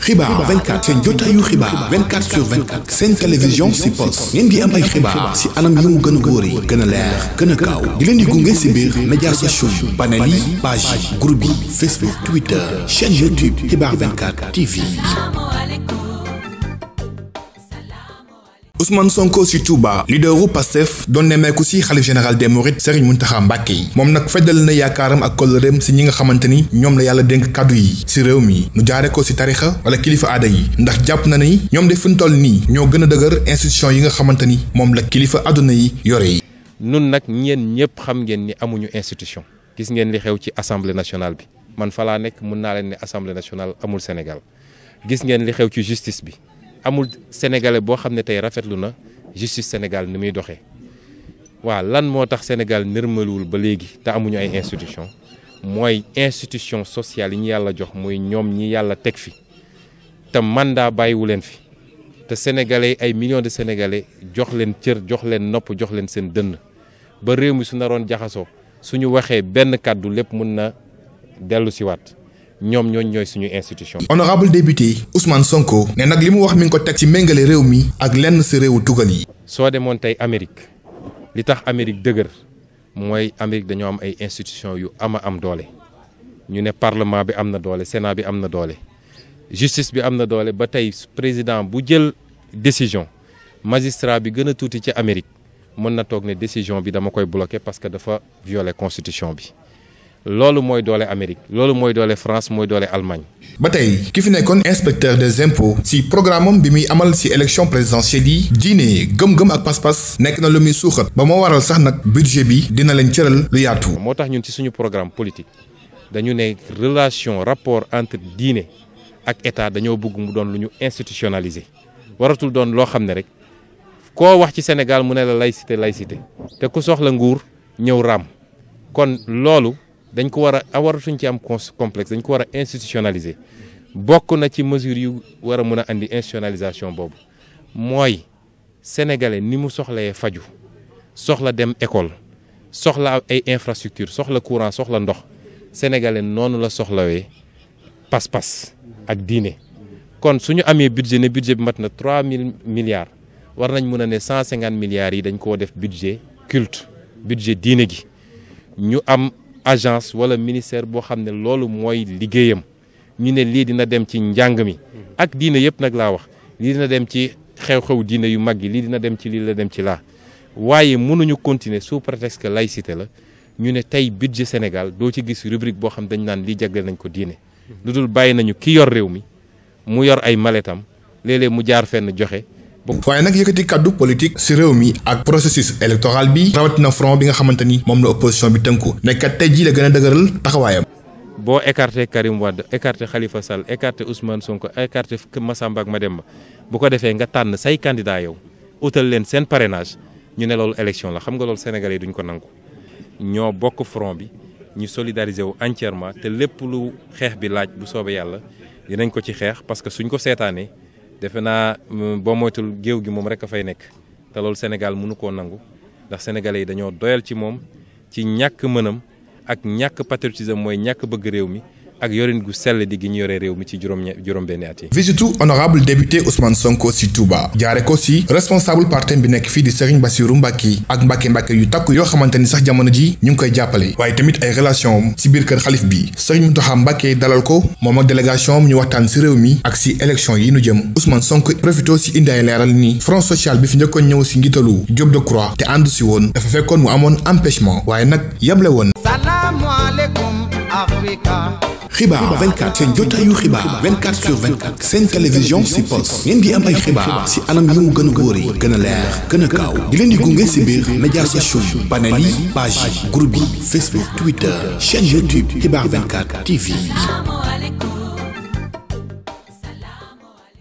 xibaar 24 seen jotaayu xibaar 24 sur 24 seen télévision si poste ngeen di am ay xibaar si anam yi gën a wóoree gën a leer gën a gaaw di leen di gunge si biir médias sociaux yi panel yi page yi groupe yi Facebook Twitter chaîne YouTube xibaar TV. Ousmane Sonko si Touba leaderu Pastef doon nemmeeku si xalif général des Mourides Serigne Mountakha Mbacké yi moom nag feddal na yaakaaram ak kóllëreem si ñi nga xamante ni ñoom la yàlla dénk kàddu yi si réew mi nu jaare ko si tarixa wala kilifa aada yi ndax jàpp na ni ñoom de fi ñu toll nii ñoo gën a dëgër institution yi nga xamante ni moom la kilifa àdduna yi yore yi nun nag ñeen ñëpp xam ngeen ni amuñu institution gis ngeen li xew ci assemblée nationale bi man falaa nekk mun naa leen ne assemblée nationale amul Sénégal gis ngeen li xew ci justice bi amul sénégalais boo xam ne tey rafetlu na justice Sénégal ni muy doxee waaw lan moo tax Sénégal nërmaluwul ba léegi te amuñu ay institution mooy institution sociale yi ñu yàlla jox mooy ñoom ñi yàlla teg fi te mandat bàyyiwu leen fi te sénégalais ay millions de sénégalais jox leen cër jox leen nopp jox leen seen dënn ba réew mi su naroon jaxasoo su ñu waxee benn kàddu lépp mun na dellu siwaat ñoom ñooñ ñooy suñu institution. honorable député Ousmane Sonko. ne nag li mu wax mi ngi ko teg ci méngale réew mi. ak lenn si réewu tugal yi. soo demoon tey Amérique li tax Amérique dëgër mooy Amérique dañoo am ay institution yu am a am doole ñu ne parlement bi am na doole Sénat bi am na doole justice bi am na doole ba tey président bu jël décision magistrat bi gën a tuuti ci Amérique mën na toog ne décision bi dama koy bloquer parce que dafa violer constitution bi. loolu mooy doole Amérique loolu mooy doole France mooy doole Allemagne. ba tey ki fi nekkoon inspecteur des impôts si programme am bi muy amal si élection présidentielle yi diine gëm-gëm ak pas-pas nekk na lu muy suuxat ba moo waral sax nag budget bi dina leen cëral lu yaatu. moo tax ñun ci suñu programme politique dañu ne relation rapport entre diine ak état dañoo bëgg mu doon lu ñu institutionnaliser waratul doon loo xam ne rek koo wax ci Sénégal mu ne la laïcité laïcité te ku soxla nguur ñëw raam dañ ko war a waratuñ ci am complexe dañ ko war a institutionnaliser bokk na ci mesure yu war a mën a indi institutionnalisation boobu mooy sénégalais ni mu soxlee faju soxla dem école soxla ay infrastructure soxla courant soxla ndox sénégalais noonu la soxlawee pas-pas ak diine kon suñu amee budget ne budget bi mat na trois mille milliards war nañ mën a ne cent cinquante milliards yi dañ koo def budget culte budget diine gi ñu am agence wala ministère boo xam ne loolu mooy liggéeyam ñu ne lii dina dem ci njàng mi ak diine yëpp nag laa wax lii dina dem ci xew-xew diine yu mag yi lii dina dem ci lii la dem ci laa waaye mënuñu continuer sous prétexte que laïcité la ñu ne tey budget Sénégal doo ci gis rubrique boo xam dañ naan lii jagle nañ ko diine lu dul bàyyi nañu ki yor réew mi mu yor ay maletam léeg mu jaar fenn joxe waaye nag yëkkati kàddu politique si réew mi ak processus électoral bi na front bi nga xamante ni moom la opposition bi tënku nekkat tey jii la gën a dëgëral taxawaayam. boo écarté Karim Wade écarté Khalifa Sall écarté Ousmane Sonko écarté Massamba ak Mademba bu ko defee nga tànn say candidat yow utal leen seen parrainage ñu ne loolu élection la xam nga loolu sénégalais yi duñ ko nangu ñoo bokk front bi ñu solidariser wu entièrement te lépp lu xeex bi laaj bu soobee yàlla dinañ ko ci xeex parce que suñ ko seetaanee. defe naa euh, boo moytul géew gi moom rek a fay nekk te loolu Sénégal mënu koo nangu ndax sénégalais yi dañoo doyal ci moom ci ñàkk mënam ak ñàkk patriotisme mooy ñàkk bëgg réew mi ak yorin gu sell di gi ñu yore réew mi ci juróom juróom benni at yi visitu honorable député Ousmane Sonko si Touba jaare ko si responsable parten bi nekk fii di Serigne Bassirou Mbacké ak Mbacké Mbacké yu takk yoo xamante ni sax jamono ji ñu ngi koy jàppale waaye tamit ay relation am biir kër xalif bi Serigne Mountakha Mbacké dalal ko moom ak délégation am ñu waxtaan si réew mi ak si élection yi nu jëm Ousmane Sonko profito si indi ay leeral ni front social bi fi njëkkoon ñëw si njiitalu Diop Decroix te ànd si woon dafa fekkoon mu amoon empêchement waaye nag yable woon xibaar 24 seen jotaayu xibaar seen télévision si poste ngeen am ay xibaar si anam yi mu gën a wóoree gën a leer gën a gaaw di leen di gunge si biir médias sociaux yi panel page yi Facebook Twitter chaîne YouTube xibaar TV.